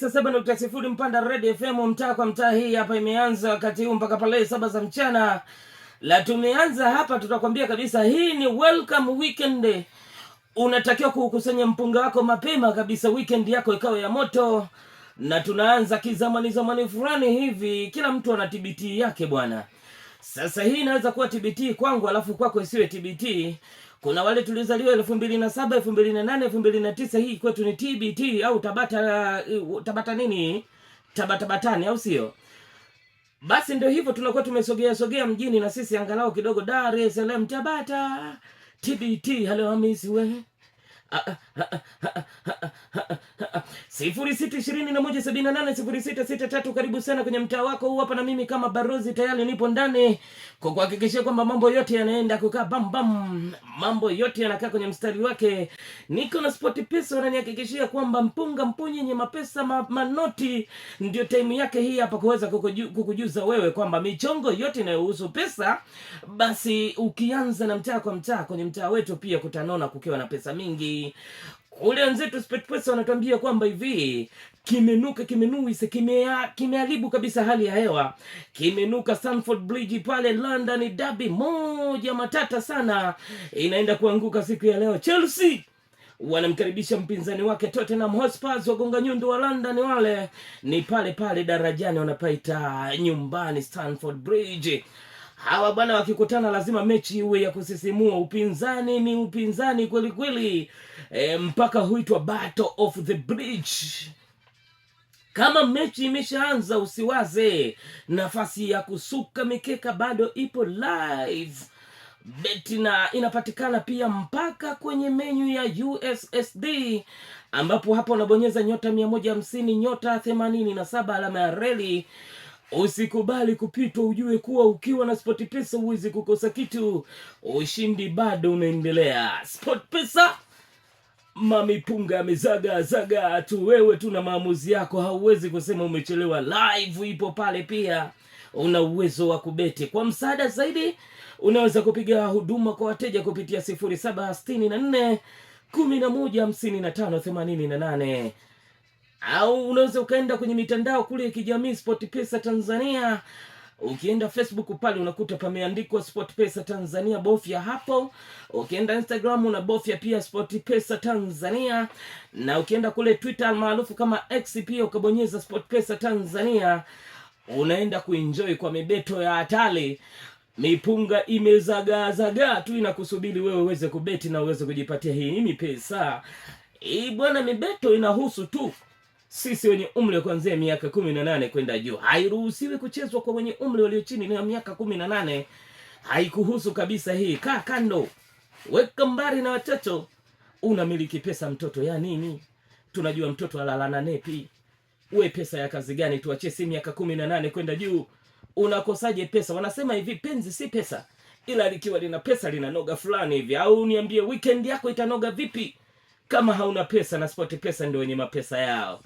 tisa saba nukta sifuri Mpanda Red FM, mtaa kwa mtaa. Hii hapa imeanza wakati huu mpaka pale saba za mchana, la tumeanza hapa. Tutakwambia kabisa hii ni welcome weekend. Unatakiwa kuukusanya mpunga wako mapema kabisa, weekend yako ikawa ya moto. Na tunaanza kizamani zamani fulani hivi, kila mtu ana tibiti yake bwana sasa hii inaweza kuwa TBT kwangu alafu kwako isiwe TBT. Kuna wale tulizaliwa elfu mbili na saba elfu mbili na nane elfu mbili na tisa hii kwetu ni TBT au tabata uh, tabata nini tabatabatani, au sio? Basi ndio hivyo tunakuwa tumesogea sogea mjini na sisi angalau kidogo. Dar es Salaam Tabata TBT, halo Hamisi we ah, ah, ah, sifuri sita ishirini na moja sabini na nane sifuri sita sita tatu. Karibu sana kwenye mtaa wako huu hapa, na mimi kama barozi tayari nipo ndani kwa kuhakikishia kwamba mambo yote yanaenda kukaa bam bam, mambo yote yanakaa kwenye mstari wake. Niko na Sport Pesa wananihakikishia kwamba mpunga mpunye nye mapesa ma, manoti, ndio time yake hii hapa kuweza kukuju, kukujuza wewe kwamba michongo yote inayohusu pesa, basi ukianza na mtaa kwa mtaa, kwenye mtaa wetu pia kutanona kukiwa na pesa mingi Ule wenzetu SportPesa wanatuambia kwamba hivi kimenuka kimenuisa kimeharibu kabisa hali ya hewa, kimenuka stanford Bridge pale London. dabi moja matata sana inaenda kuanguka siku ya leo. Chelsea wanamkaribisha mpinzani wake Tottenham Hotspur, wagonga nyundo wa London wale ni pale pale darajani, wanapaita nyumbani stanford Bridge hawa bwana wakikutana lazima mechi iwe ya kusisimua. Upinzani ni upinzani kweli kweli, e, mpaka huitwa battle of the bridge. Kama mechi imeshaanza usiwaze, nafasi ya kusuka mikeka bado ipo live beti na inapatikana pia mpaka kwenye menyu ya USSD ambapo hapo unabonyeza nyota mia moja hamsini nyota themanini na saba alama ya reli Usikubali kupitwa, ujue kuwa ukiwa na Pesa huwezi kukosa kitu. Ushindi bado unaendelea. mami mamipunga amezaga zaga tu, wewe tu na maamuzi yako, hauwezi kusema umechelewa. Live ipo pale pia una uwezo wa kubeti. Kwa msaada zaidi, unaweza kupiga huduma kwa wateja kupitia sifuri saba sitini na nne kumi na moja hamsini na tano themanini na nane au unaweza ukaenda kwenye mitandao kule ya kijamii sport pesa Tanzania. Ukienda Facebook pale unakuta pameandikwa sport pesa Tanzania, bofya hapo. Ukienda Instagram una bofya pia pesa Tanzania, na ukienda kule Twitter maarufu kama X pia ukabonyeza sport pesa Tanzania, unaenda kuenjoy kwa mibeto ya hatari. Mipunga imezagaazagaa tu inakusubiri wewe uweze kubeti na uweze kujipatia hii mipesa hii bwana. Mibeto inahusu tu sisi wenye umri wa kuanzia miaka kumi na nane kwenda juu. Hairuhusiwi kuchezwa kwa wenye umri walio chini ya miaka kumi na nane, haikuhusu kabisa. Hii kaa kando, weka mbali na watoto. Unamiliki pesa mtoto ya nini? Tunajua mtoto alalana nepi. We pesa ya kazi gani? Tuachie si miaka kumi na nane kwenda juu. Unakosaje pesa? Wanasema hivi penzi si pesa, ila likiwa lina pesa linanoga fulani hivi. Au niambie weekend yako itanoga vipi kama hauna pesa? Na spoti pesa ndio wenye mapesa yao.